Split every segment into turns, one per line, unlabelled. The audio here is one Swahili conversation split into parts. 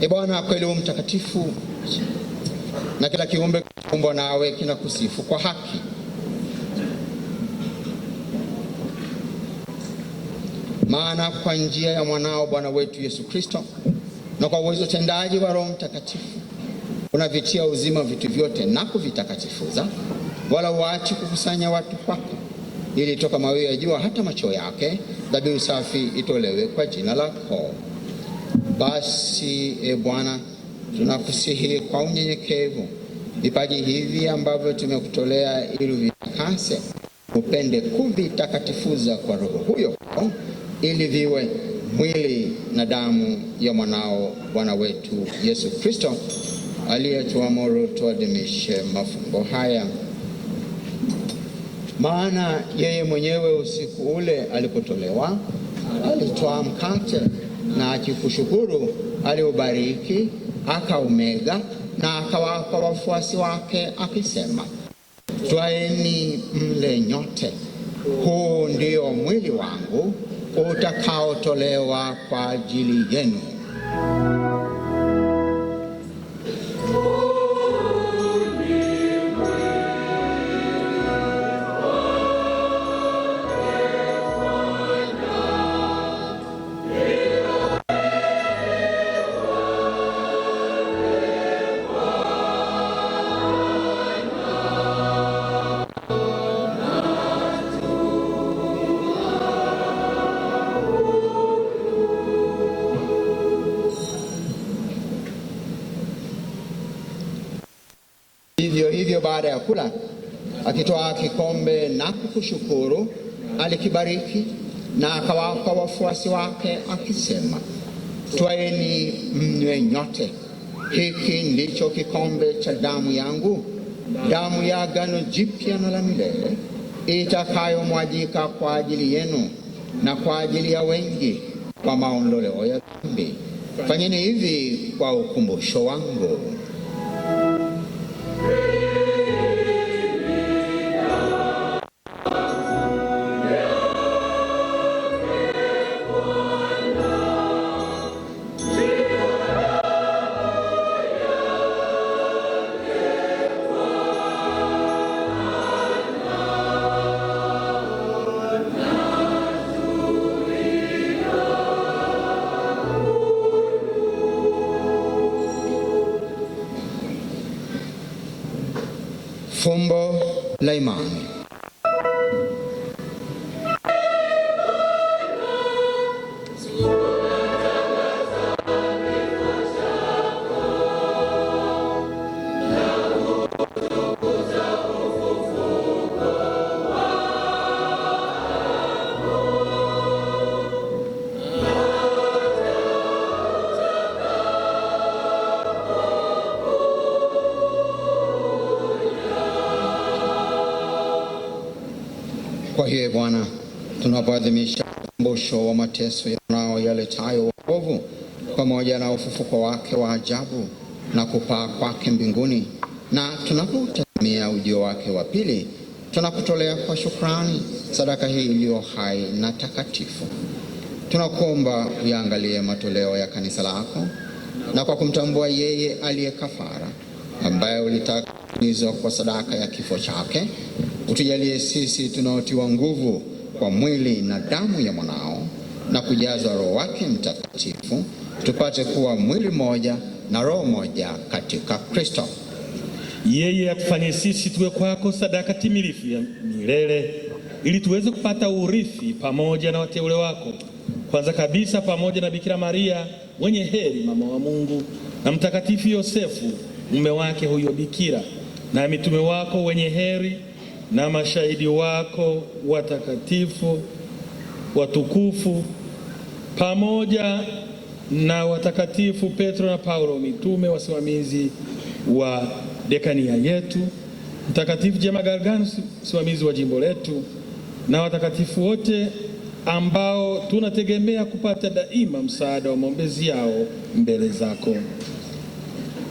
E Bwana, kweli wewe mtakatifu na kila kiumbe kumbwa nawe kina kusifu kwa haki. Maana kwa njia ya mwanao Bwana wetu Yesu Kristo na kwa uwezo tendaji wa Roho Mtakatifu unavitia uzima vitu vyote na kuvitakatifuza, wala waachi kukusanya watu kwako, ili toka mawio ya jua hata macho yake dhabihu safi itolewe kwa jina lako. Basi e Bwana, tunakusihi kwa unyenyekevu vipaji hivi ambavyo tumekutolea ili uvitakase, upende kuvitakatifuza kwa Roho huyo ili viwe mwili na damu ya mwanao Bwana wetu Yesu Kristo aliyetuamuru tuadimishe mafumbo haya. Maana yeye mwenyewe usiku ule alipotolewa alitoa mkate na akikushukuru aliubariki akaumega na akawapa wafuasi wake akisema, twaeni mle nyote, huu ndio mwili wangu utakaotolewa kwa ajili yenu. Hivyo hivyo baada ya kula, akitoa kikombe na kukushukuru, alikibariki na akawapa wafuasi wake akisema, twaeni mnywe nyote, hiki ndicho kikombe cha damu yangu, damu ya agano jipya na la milele, itakayomwagika kwa ajili yenu na kwa ajili ya wengi kwa maondoleo ya dhambi. Fanyeni hivi kwa ukumbusho wangu. free.
Fombo Laimani. Kwa hiyo Bwana, tunapoadhimisha ukumbusho wa mateso yanao yaletayo wokovu pamoja na ufufuko wake wa ajabu na kupaa kwake mbinguni, na tunapotazamia ujio wake wa pili, tunakutolea kwa shukrani sadaka hii iliyo hai na takatifu. Tunakuomba uyaangalie matoleo ya kanisa lako, na kwa kumtambua yeye aliye kafara, ambaye ulitaka kutimizwa kwa sadaka ya kifo chake Utujalie sisi tunaotiwa nguvu kwa mwili na damu ya mwanao na kujazwa Roho wake Mtakatifu, tupate kuwa mwili mmoja na roho moja katika Kristo.
Yeye atufanye sisi tuwe kwako sadaka timilifu ya milele, ili tuweze kupata urithi pamoja na wateule wako, kwanza kabisa pamoja na Bikira Maria mwenye heri, mama wa Mungu, na Mtakatifu Yosefu mume wake huyo Bikira, na mitume wako wenye heri na mashahidi wako watakatifu watukufu pamoja na watakatifu Petro na Paulo mitume, wasimamizi wa dekania yetu, Mtakatifu Jema Gargan msimamizi wa jimbo letu, na watakatifu wote ambao tunategemea kupata daima msaada wa maombezi yao mbele zako.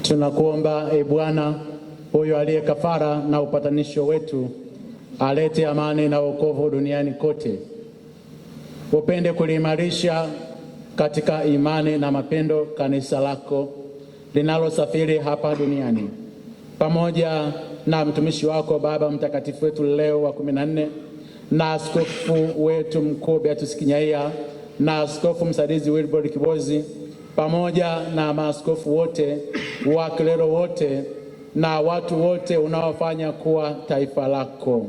Tunakuomba e Bwana, huyo aliye kafara na upatanisho wetu alete amani na wokovu duniani kote. Upende kuliimarisha katika imani na mapendo kanisa lako linalosafiri hapa duniani, pamoja na mtumishi wako Baba Mtakatifu wetu Leo wa kumi na nne na askofu wetu mkuu Beatus Kinyaia na askofu msaidizi Wilbrod Kibozi pamoja na maaskofu wote wa wote na watu wote unaofanya kuwa taifa lako.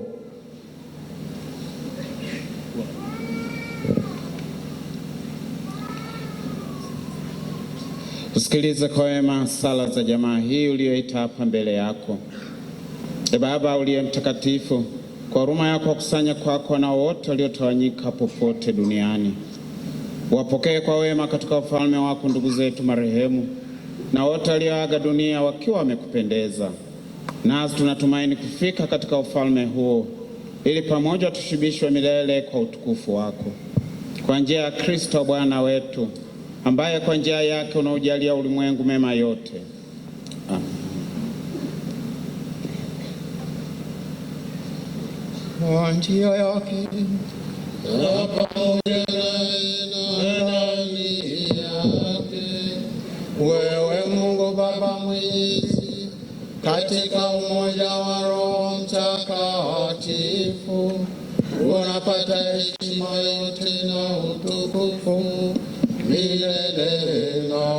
Usikilize kwa wema sala za jamaa hii uliyoita hapa mbele yako. E Baba uliye mtakatifu, kwa huruma yako wakusanya kwako na wote waliotawanyika popote duniani, wapokee kwa wema katika ufalme wako ndugu zetu marehemu na wote walioaga dunia wakiwa wamekupendeza. Nasi tunatumaini kufika katika ufalme huo, ili pamoja tushibishwe milele kwa utukufu wako, kwa njia ya Kristo Bwana wetu, ambaye kwa njia yake unaujalia ulimwengu mema yote. Amen.
mwili katika umoja wa Roho Mtakatifu, unapata heshima yote na utukufu milele na